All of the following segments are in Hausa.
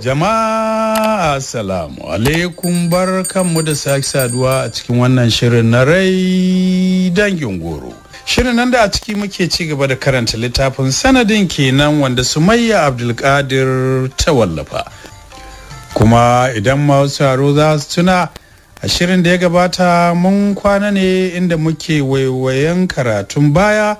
Jama'a Assalamu alaikum bar kanmu da sake saduwa a cikin wannan shirin na rai dangin goro. Shirin nan da a ciki muke ci gaba da karanta littafin sanadin kenan wanda Sumayya Abdulkadir ta wallafa. Kuma idan masu haro za su tuna a shirin da ya gabata mun kwana ne inda muke waiwayen karatun baya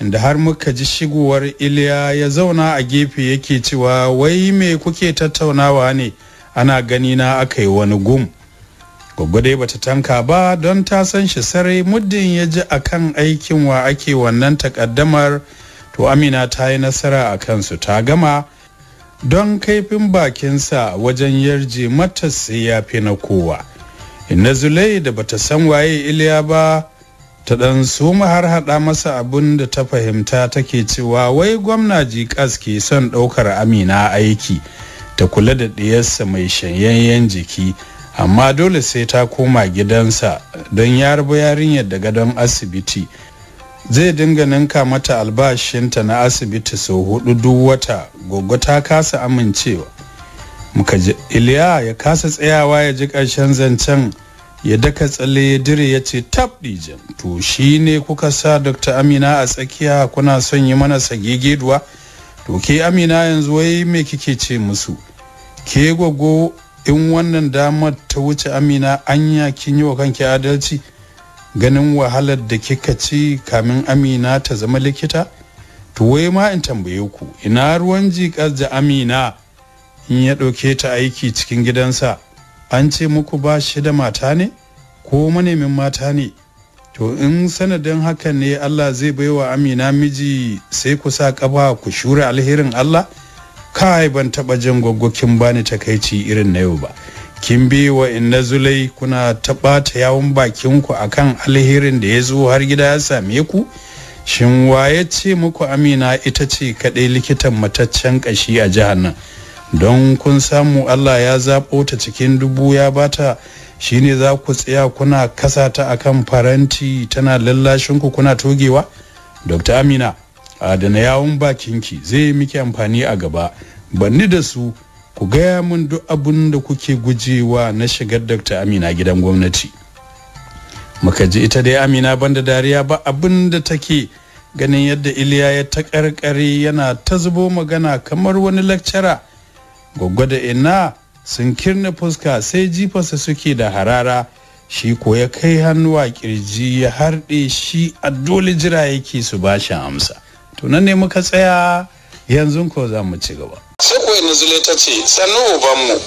inda har muka ji shigowar iliya ya zauna a gefe yake cewa wai me kuke tattaunawa ne ana gani na aka yi wani gum dai bata tanka ba don ta san shi sarai muddin ya ji a kan aikin wa ake wannan takaddamar to amina ta yi nasara a kansu ta gama don kaifin bakinsa wajen yarje mata sai ya fi na kowa inna zulai da bata san waye iliya ba ta ɗan suma har hada masa abun da ta fahimta take cewa wai gwamna jikas ke son ɗaukar amina aiki ta kula da ɗiyarsa mai shanyayyen jiki amma dole sai ta koma gidansa don ya rabu yarinyar da gadon asibiti zai dinga ninka mata albashinta na asibiti sau hudu duk wata goggo ta kasa amincewa muka ji iliya ya kasa tsayawa ya ji ƙarshen zancen ya daka tsalle ya dire ya ce tap dijin to shi ne kuka sa dr amina a tsakiya kuna son yi mana sagegeduwa to ke amina yanzu wai me kike ce musu ke gwaggo in wannan damar ta wuce amina anya kin yi wa kanki adalci ganin wahalar da kika ci kamin amina ta zama likita to wai ma in tambaye ku ina ruwan jikar da amina in ya ɗauke ta aiki cikin gidansa an ce muku ba shi da mata ne ko manemin mata ne to in sanadin hakan ne Allah zai baiwa amina miji sai ku sa kafa ku shura alherin Allah kai ban taba jin gwaggwakin bani takaici irin na yau ba kin bi wa inna zulai kuna taɓata ta yawon bakin ku akan alherin da ya zo har gida ya same ku shin waye ce muku amina ita ce kadai likitan mataccen kashi a jihar nan don kun samu Allah ya zaɓo ta cikin dubu ya bata shine za ku tsaya kuna kasa ta akan faranti tana lallashin ku kuna togewa Dr. Amina adana yawon bakinki zai miki amfani a gaba banni da su ku gaya mun duk abin da kuke gujewa na shigar Dr. Amina gidan gwamnati muka ji ita dai Amina banda dariya ba abin da take ganin yadda Iliya ya ta karkare yana ta zubo magana kamar wani lakcara gwaggwa da inna sun kirna fuska sai jifarsa suke da harara shi ko ya kai hannuwa kirji ya harɗe shi a dole jira yake su ba amsa to ne muka tsaya yanzu ko za mu ci gaba sai ko inuzule ta ce sannu ubanmu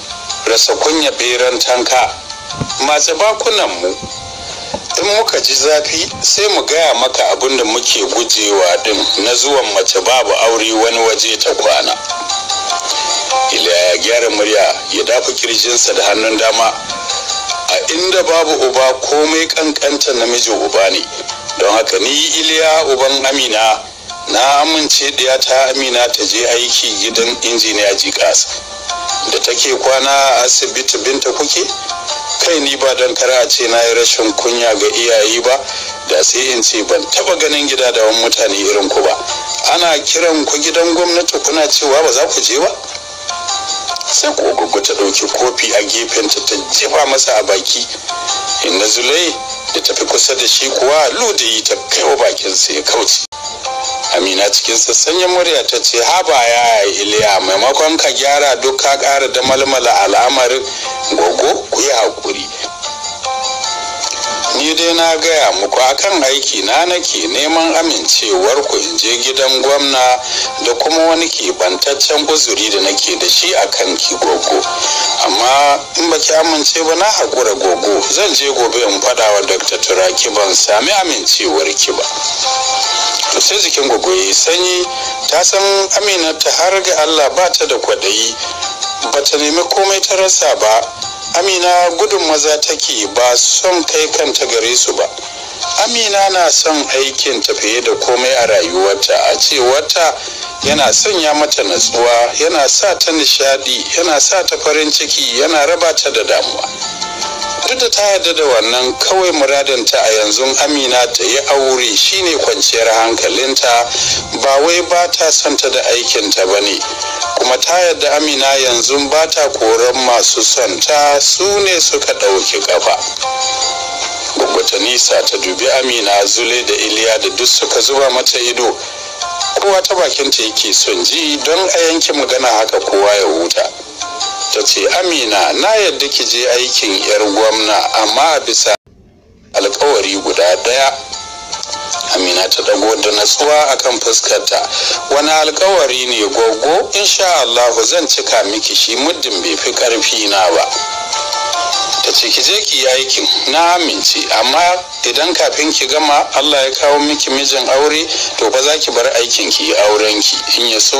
rasa kunya beran tanka bakunan mu in muka ji zafi sai mu gaya maka abin da muke gujewa din na zuwan mace babu aure wani waje ta kwana ya gyara murya ya dafa kirjinsa da hannun dama a inda babu uba komai kankantar namiji uba ne don haka ni iliya uban amina na amince ɗaya ta amina ta je aiki gidan injiniya jikas da take kwana a asibiti binta kuke kai ni ba don kara a ce na yi rashin kunya ga iyaye ba da sai in ce ban taba ganin gida da wani mutane irin ku ba ana kiran ku gidan gwamnati kuna cewa ba za ku je ba sai ko gugu ta ɗauki kofi a gefenta ta jefa masa a baki inda zulai da tafi kusa da shi kuwa yi ta kai wa bakinsa ya kauce amina cikin sassanyen murya ta ce haba ya iliya maimakon ka gyara duk ka ƙara da malmala al'amarin gogo ku yi haƙuri ni dai na gaya muku akan aiki na nake neman amincewar ku in je gidan gwamna da kuma wani kebantaccen uzuri da nake da shi akan ki gogo amma in baki amince ba na haƙura gogo zan je gobe in faɗa wa dr turaki ban sami amincewar ki ba to sai jikin gogo ya sanyi ta san amina ta har ga allah ba ta da kwaɗayi ba ta nemi komai ta rasa ba amina gudun maza take ba son kai kanta gare su ba amina na son aikin tafiye da komai a rayuwarta a ce wata yana sanya mata natsuwa yana sa ta nishadi yana sa ta farin ciki yana raba ta da damuwa duk da ta yarda da wannan kawai muradinta a yanzu amina ta yi aure shine kwanciyar hankalinta ba wai ba ta santa da aikinta ba ne kuma ta yadda amina yanzu ba ta koran masu santa su ne suka ɗauki ƙafa ta nisa ta dubi amina zule da iliya da duk suka zuba mata ido kowa ta bakinta yake son ji don a yanke magana haka kowa ya huta ta ce amina na yadda ki je aikin 'yar gwamna amma a bisa alkawari guda ɗaya amina ta dago da natsuwa akan fuskarta wani alkawari ne gogo insha allahu zan cika miki shi muddin bai fi karfi na ba ta ce ki je ki aikin na amince amma idan kafin ki gama Allah ya kawo miki mijin aure to ba za ki bar aikin ki auren ki in ya so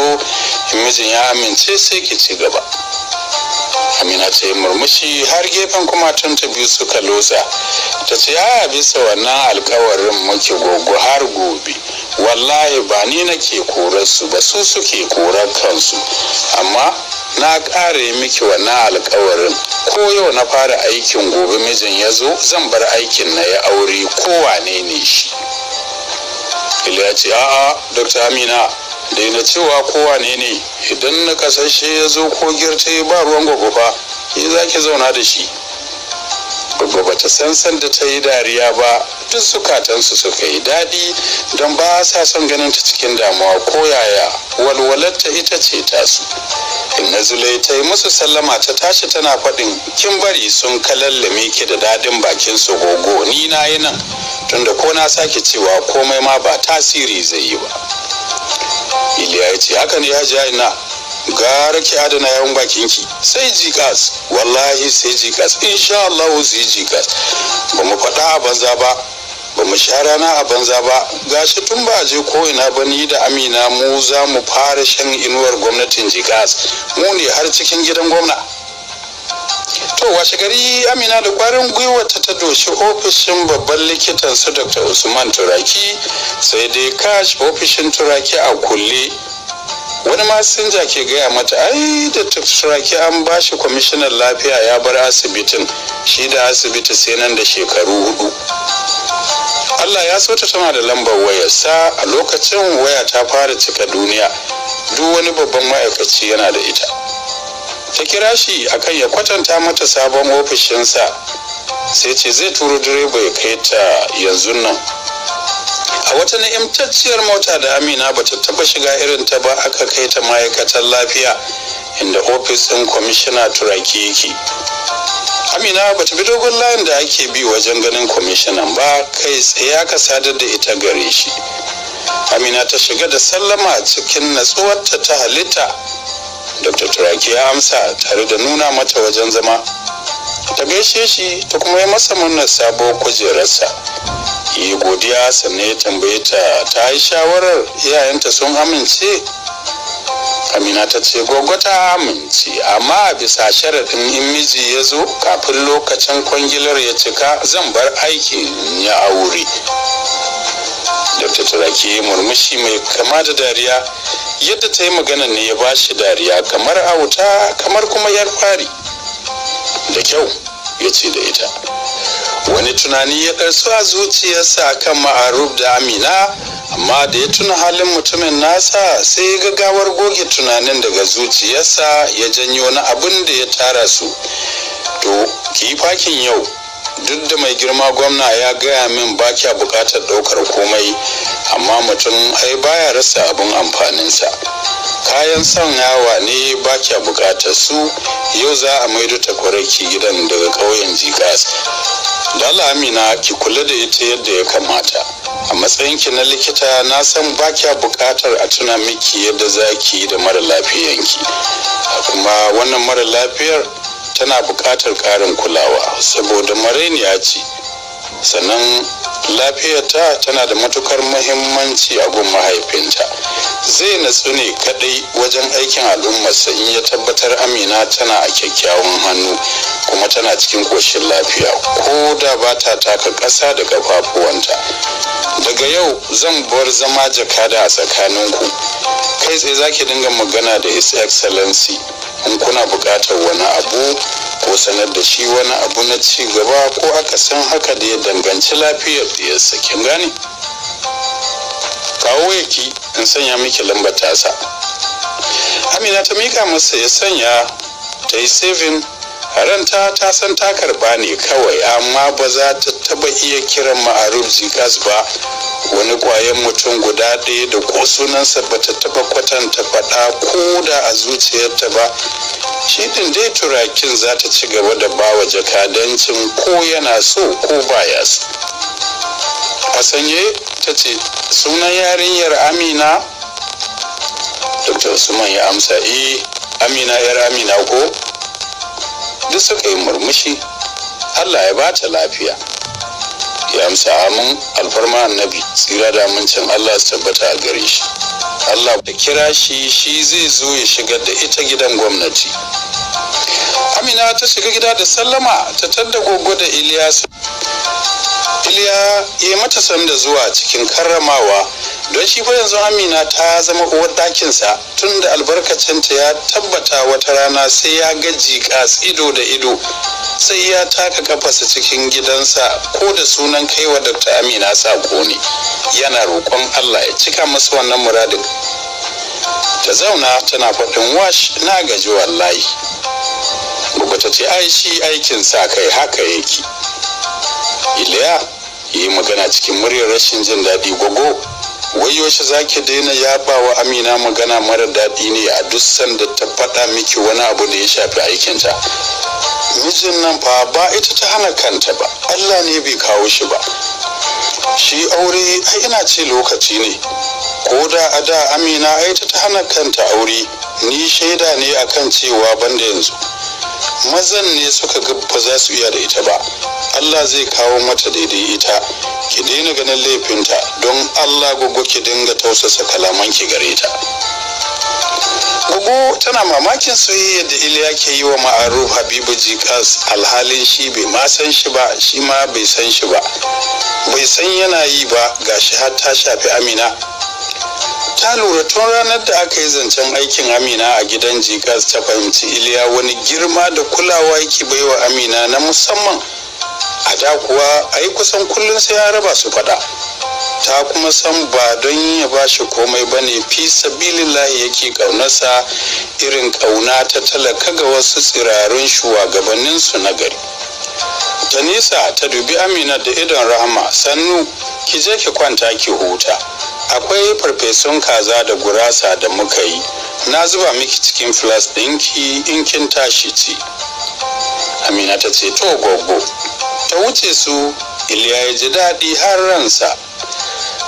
in mijin ya amince sai ki ci gaba amina ce murmushi har gefen kuma kumatunta biyu suka losa ta ce ya bisa wannan alkawarin muke gogo har gobe wallahi ba ni nake su ba su suke korar kansu amma na ƙare miki wannan alkawarin ko yau na fara aikin gobe mijin ya zo zan bar aikin na ya aure ko wane ne shi ya ce a'a dr amina daina cewa kowa ne idan na kasashe ya zo ko girte ba ruwan gwagwaba ba. za ki zauna da shi gwagwaba ta sansan da ta yi dariya ba duk sukatansu suka yi daɗi don ba sa son ganin ta cikin damuwa ko yaya walwalarta ita ce tasu inna zulai ta yi musu sallama ta tashi tana faɗin kin bari sun kalallame ki da daɗin bakin su gogo ni na yi nan tunda ko na sake cewa komai ma ba tasiri zai yi ba iliya ya ce haka ne ya ji ina gara ki adana yawan bakin ki sai jikas wallahi sai jikas insha Allah sai jikas ba mu faɗa a banza ba ba mu sha rana a banza ba gashi tun ba je ko ina ba ni da amina mu za mu fara shan inuwar gwamnatin jikas mu ne har cikin gidan gwamna To washe gari Amina da kwarin gwiwa ta ta doshi ofishin babban likitan su Dr. Usman Turaki sai dai kash ofishin Turaki a kulle. Wani masinja ke gaya mata ai da Turaki an bashi kwamishinan lafiya ya bar asibitin shi da asibiti sai nan da shekaru hudu. Allah ya so ta tana da lambar wayarsa a lokacin waya ta fara cika duniya duk wani babban ma'aikaci yana da ita. ta kira shi a kan ya kwatanta mata sabon ofishinsa sai ce zai turo direba ya kai ta yanzu nan a wata na'imtacciyar mota da amina ba ta taba shiga irin ta ba aka kai ta ma'aikatan lafiya inda ofisin kwamishina turaki yake amina ba ta bi dogon layin da ake bi wajen ganin kwamishinan ba kai tsaye aka sadar da ita gare shi amina ta shiga da sallama cikin natsuwarta ta halitta dr turaki ya amsa tare da nuna mata wajen zama ta gaishe shi ta kuma yi masa murnar sabo kujerarsa yi godiya sannan ya tambaye ta ta yi shawarar iyayenta sun amince amina ta ce gwagwata ta amince amma bisa sharaɗin in miji ya zo kafin lokacin kwangilar ya cika zan bar aikin ya aure Dr. turaki murmushi mai kama da dariya yadda ta yi magana ne ya ba shi dariya kamar auta kamar kuma yar fari da kyau ya ce da ita wani tunani ya ɗarsu a zuciyarsa kan ma'aruf da amina amma da ya tuna halin mutumin nasa sai ya gagawar goge tunanin daga zuciyarsa ya janyo na abin da ya tara su to ki fakin yau duk da mai girma gwamna ya gaya min ba kya bukatar ɗaukar komai amma mutum ai baya rasa abin amfaninsa kayan son yawa ne ba kya bukatar su yau za a maido ta kwaraki gidan daga ƙauyen jikas dala amina ki kula da ita yadda ya kamata a matsayinki na likita na san ba kya bukatar a tuna miki yadda za ki da mara lafiyanki kuma wannan mara lafiyar tana buƙatar ƙarin kulawa saboda mareniya ce sannan lafiyarta tana da matukar muhimmanci a gun mahaifinta zai natsu ne kadai wajen aikin al'ummarsa in ya tabbatar amina tana a kyakkyawan hannu kuma tana cikin koshin lafiya ko da ba ta taka ƙasa da kafafuwanta daga yau zan bar zama jakada a tsakaninku kai tsaye za ki dinga magana da his excellency in kuna buƙatar wani abu ko sanar da shi wani abu na ci gaba ko aka san haka da ya danganci lafiyar da ya kin gane kawo yaki in sanya miki lamba tasa amina ta mika masa ya sanya ta yi saving ranta ta san ta karba ne kawai amma ba za ta taba iya kiran ma'aruf zikas ba wani kwayan mutum guda ɗaya da ko sunansa ba ta taba kwatanta faɗa ko da a zuciyarta ba shirin dai turakin za ta ci gaba da bawa jakadancin ko yana so ko baya su a sanye ta ce sunan yarinyar amina dr usman ya amsa eh amina yar amina ko duk suka yi murmushi allah ya ba ta lafiya ya amsa amin alfarma annabi tsira da amincin allah su tabbata a gare shi Allah da kira shi shi zai zo ya shigar da ita gidan gwamnati amina ta shiga gida da sallama ta tadda gogo da iliyasu iliya ya mata sanda zuwa cikin karramawa don shi fa yanzu amina ta zama uwar dakinsa tun da albarkacinta ya tabbata wata rana sai ya gaji kas ido da ido sai ya taka kafasa cikin gidansa ko da sunan kaiwa dr amina sako ne yana roƙon allah ya cika masa wannan muradin ta zauna tana faɗin wash na gaji wallahi bukata ce ai shi aikin sa kai haka yake iliya yi magana cikin muryar rashin jin daɗi gogo wai yaushe za ki daina ya ba wa amina magana mara daɗi ne a duk sanda ta faɗa miki wani abu da ya shafi aikinta mijin nan fa ba ita ta hana kanta ba allah ne bai kawo shi ba shi aure ai ina ce lokaci ne ko da a da amina ai ta ta hana kanta aure ni shaida ne akan cewa banda yanzu mazan ne suka ga ba za su iya da ita ba allah zai kawo mata daidai ita ki daina ganin laifinta don allah gugu ki dinga tausasa kalaman ki gare ta gugu tana mamakin soyayya da iliya ke yi wa ma'aruf habibu jikas alhalin shi bai ma san shi ba shi ma bai san shi ba bai san yana yi ba gashi har ta shafi amina ta lura tun ranar da aka yi zancen aikin amina a gidan jikas ta fahimci iliya wani girma da kulawa yake baiwa amina na musamman a da kuwa a yi kusan kullum sai ya raba su faɗa ta kuma san ba don ya ba shi komai ba ne fi sabilillahi yake ƙaunarsa irin ƙauna ta talaka ga wasu tsirarun shugabanninsu na gari ta nisa ta dubi amina da idon rahama sannu ki je ki kwanta ki huta akwai farfesun kaza da gurasa da muka yi na zuba miki cikin flas ɗinki in kin tashi ci amina ta ce to gogo ta wuce su iliya ya ji daɗi har ransa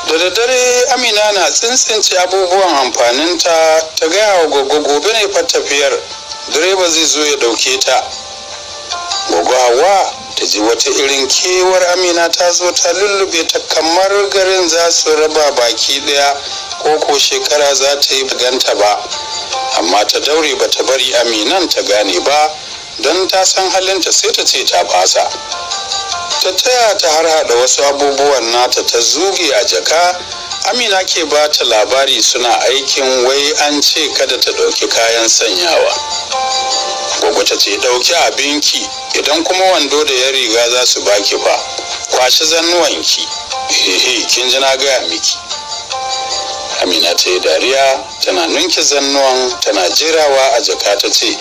da daddare amina na tsintsince abubuwan amfaninta ta gaya wa gogo gobe ne fa tafiyar direba zai zo ya ɗauke ta gogo hawa ta ji wata irin kewar amina ta zo ta lullube ta kamar garin za su raba baki ɗaya ko ko shekara za ta yi ganta ba amma ta daure ba ta bari aminan ta gane ba don ta san halinta sai ta ce ta basa ta taya ta har hada wasu abubuwan nata ta zuge a jaka amina ke ba ta labari suna aikin wai an ce kada ta ɗauki kayan sanyawa gwagwata ce ɗauki abinki idan kuma wando da ya riga za su baki ba kwashi zannuwanki hehe kin ji na gaya miki amina ta yi dariya tana ninki zannuwan tana jirawa a jaka ta ce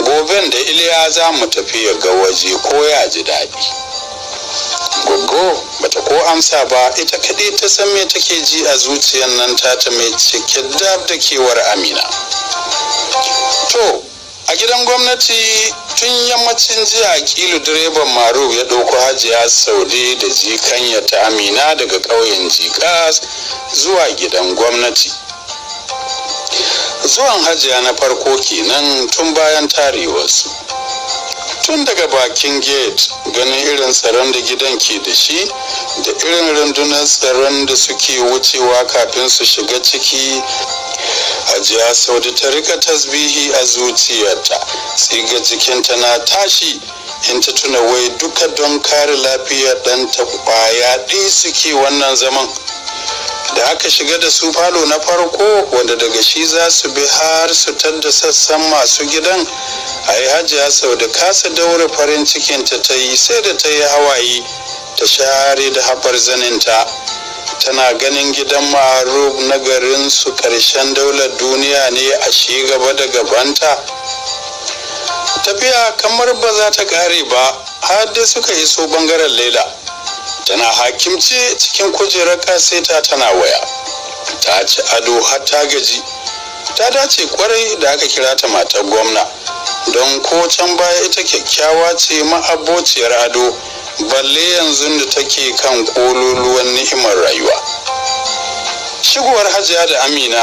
goben da iliya za mu tafi ya ga waje ko ya ji daɗi gungo bata ko amsa ba ita kaɗai ta san me take ji a zuciyar nan tata mai cike dab da kewar amina to a gidan gwamnati tun yammacin jiya kilu direban maru ya ɗauko hajiya saude da jikanya ta amina daga ƙauyen jikas zuwa gidan gwamnati zuwan hajiya na farko kenan tun bayan tarewarsu tun daga bakin gate ganin irin tsaron da gidan ke da shi da irin rundunar tsaron da suke wucewa kafin su shiga ciki ajiya saudi ta rika tasbihi a zuciyarta tsiga jikinta na tashi in ta tuna wai duka don kare lafiyar ta kwaya ɗaya suke wannan zaman da aka shiga da su falo na farko wanda daga shi za su bi har su tadda sassan masu gidan ai hajiya sau da kasa daura farin cikinta ta yi sai da ta yi hawaye ta share da haɓar zaninta tana ganin gidan ma'aruf na garin su ƙarshen daular duniya ne a shi gaba da gabanta tafiya kamar ba za ta ƙare ba har dai suka iso bangaren laila tana hakimci cikin kujerar ta tana waya ta ci ado har ta gaji ta dace kwarai da aka kira ta matar gwamna don ko can baya ita kyakkyawa ce ma'abociyar ado balle yanzu da take kan kololuwan ni'imar rayuwa shigowar hajiya da amina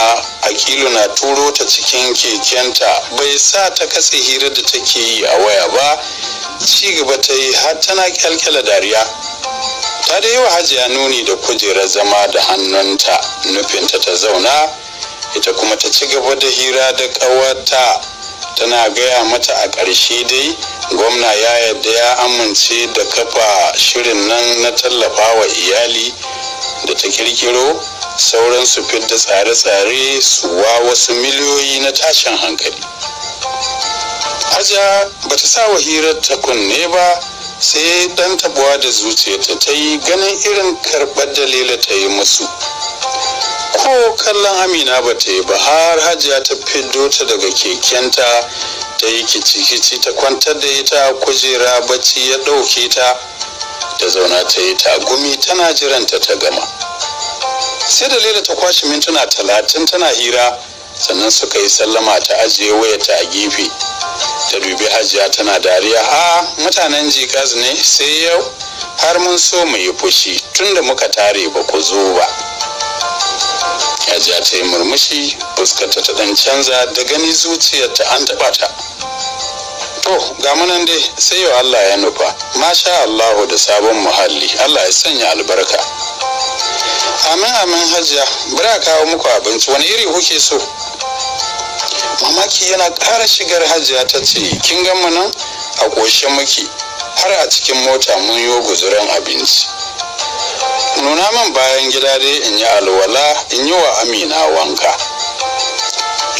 akilu na turo ta cikin kekenta bai sa ta katse hira da take yi a waya ba ci gaba ta yi har tana kyalkyala dariya ta da yawa hajiya nuni da kujerar zama da hannunta nufinta ta zauna ita kuma ta ci gaba da hira da ƙawarta tana gaya mata a ƙarshe dai gwamna ya yarda ya amince da kafa shirin nan na tallafa wa iyali da ta kirkiro sauran su fidda tsare-tsare su wa wasu miliyoyi na tashin hankali aja ba ta sa wa hirar ta kunne ba sai dan tabuwa da zuciyarta ta yi ganin irin karɓar dalila ta yi musu ko kallon amina ba ta yi ba har hajiya ta fiddo ta daga kekenta ta yi kici-kici ta kwantar da ita kujera bacci ya ɗauke ta da zauna ta yi ta gumi tana jiranta ta gama sai da lila ta kwashe mintuna talatin tana hira sannan suka yi sallama ta ajiye waya ta a gefe ta dubi hajiya tana dariya a mutanen jikaz ne sai yau har mun so mu yi fushi tunda muka tare ba ku zo ba hajiya ta yi murmushi fuskarta ta dan canza da gani zuciyarta an taɓa ta to ga munan dai sai yau allah ya nufa masha allahu da sabon muhalli allah ya sanya albarka amin amin hajiya a kawo muku abinci wani iri kuke so mamaki yana ƙara shigar hajiya ta ce kin gan mu nan a ƙoshe muke har a cikin mota mun yo guzuran abinci nuna min bayan gida dai in yi alwala in yi wa amina wanka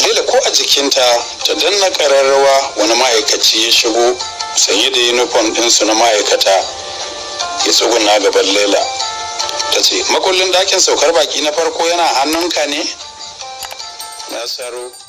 lila ko a jikinta ta danna kararrawa wani ma'aikaci ya shigo sanye da yunifom ɗinsu na ma'aikata ya tsuguna gaban lila ta ce makullin dakin saukar baki na farko yana hannunka ne na saro